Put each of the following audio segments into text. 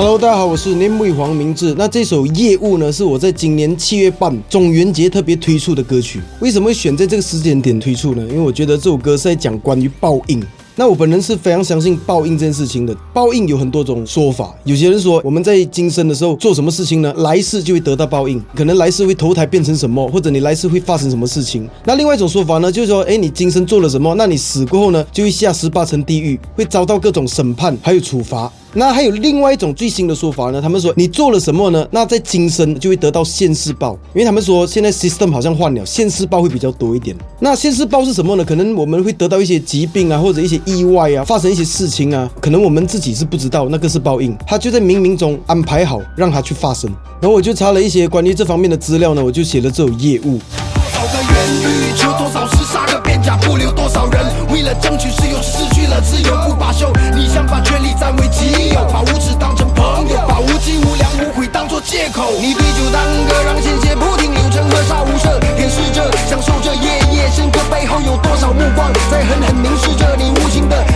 Hello，大家好，我是 Namewee 黃明志。那這首《夜霧》呢，是我在今年七月半中元節特別推出的歌曲。為什麼會選在這個時間點推出呢？因為我覺得這首歌是在講關於報應。那我本人是非常相信報應這件事情的。報應有很多種說法，有些人說我們在今生的時候做什麼事情呢，來世就會得到報應，可能來世會投胎變成什麼，或者你來世會發生什麼事情。那另外一種說法呢，就是說，哎，你今生做了什麼，那你死過後呢，就會下十八層地獄，會遭到各種審判，還有處罰。那還有另外一種最新的說法呢？他們說，你做了什麼呢？那在今生就會得到現世報，因為他們說現在 system 好像換了，現世報會比較多一點。那現世報是什麼呢？可能我們會得到一些疾病啊，或者一些意外啊，發生一些事情啊，可能我們自己是不知道那個是報應，他就在冥冥中安排好，讓它去發生。然後我就查了一些關於這方面的資料呢，我就寫了這種夜霧。多少個冤獄多少次殺個邊家不留多少人，為了爭取。對酒當歌，讓鮮血不停流成河，殺無赦，掩飾着，享受着，夜夜笙歌背後有多少目光在狠狠凝視着你無形的。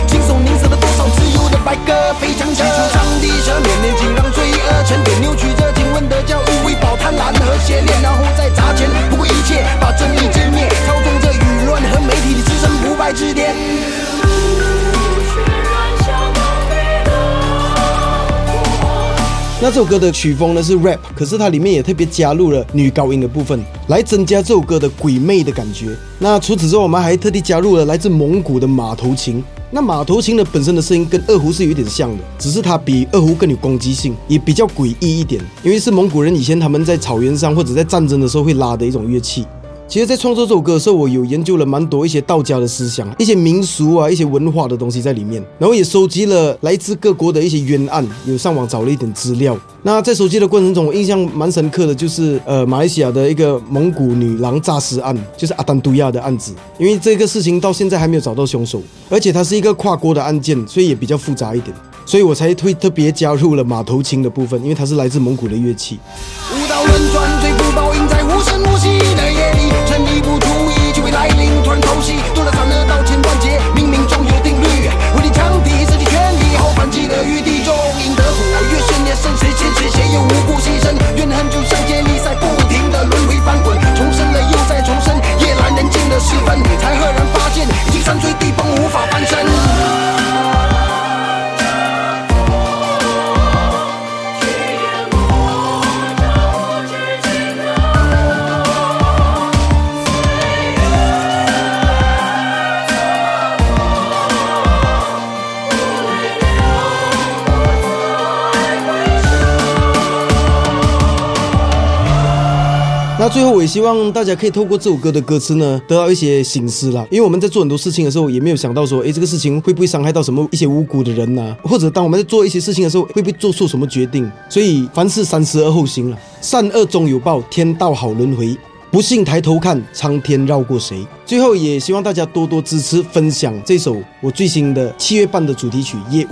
那這首歌的曲風呢是 rap，可是它裡面也特別加入了女高音的部分，來增加這首歌的鬼魅的感覺。那除此之外，我們還特地加入了來自蒙古的馬頭琴。那馬頭琴的本身的聲音跟二胡是有點像的，只是它比二胡更有攻擊性，也比較詭異一點。因為是蒙古人以前他們在草原上或者在戰爭的時候會拉的一種樂器。其實，在創作這首歌的時候，我有研究了蠻多一些道家的思想，一些民俗啊，一些文化的東西在裡面。然後也收集了來自各國的一些冤案，有上網找了一點資料。那在收集的過程中，我印象蠻深刻的，就是呃，馬來西亞的一個蒙古女郎詐屍案，就是阿丹杜亞的案子。因為這個事情到現在還沒有找到凶手，而且它是一個跨國的案件，所以也比較複雜一點。所以我才會特別加入了馬頭琴的部分，因為它是來自蒙古的樂器。舞蹈罪必報應在無聲無息的夜裡。帶靈突然偷襲，斷了殘鍔，刀劍斷絕，冥冥中有定律。無力強敵，自己全力，後反擊的餘地中贏得苦。越陷越深，誰堅持，誰又無辜犧牲？怨恨就像接力賽，不停的輪迴翻滾，重生了又再重生。夜闌人靜的時分，才赫然。那最後我也希望大家可以透過這首歌的歌詞呢，得到一些省思啦。因為我們在做很多事情的時候，也沒有想到說，哎、欸，這個事情會不會傷害到什麼一些無辜的人吶、啊？或者當我們在做一些事情的時候，會不會做出什麼決定？所以凡事三思而後行了。善惡終有報，天道好輪迴。不信抬頭看，蒼天繞過誰？最後也希望大家多多支持分享這首我最新的七月半的主題曲《夜霧》。